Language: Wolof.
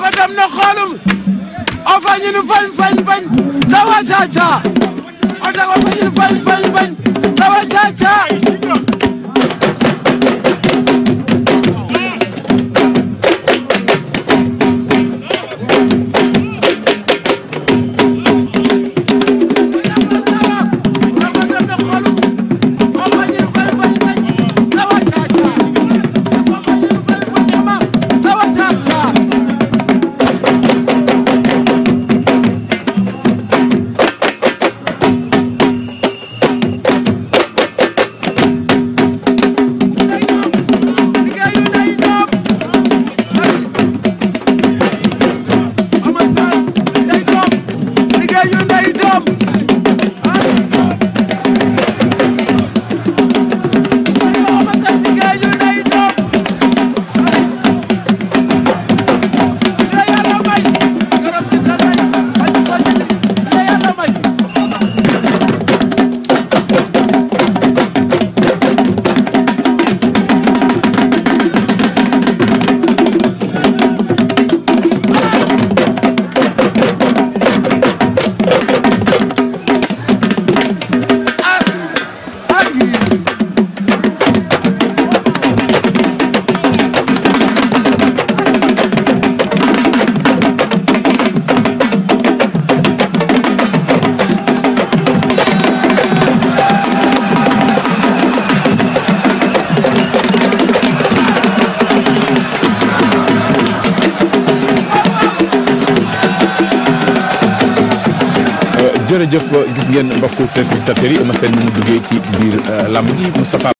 ogo dam no xoolum o fañinu fañ fañ fañ sawa caca o tago fañinu fañ fañ fañ sawa caca jërëjëf gis ngeen mbokku téléspectateurs yi ma seen mu duggee ci biir euh, làmb ji Moustapha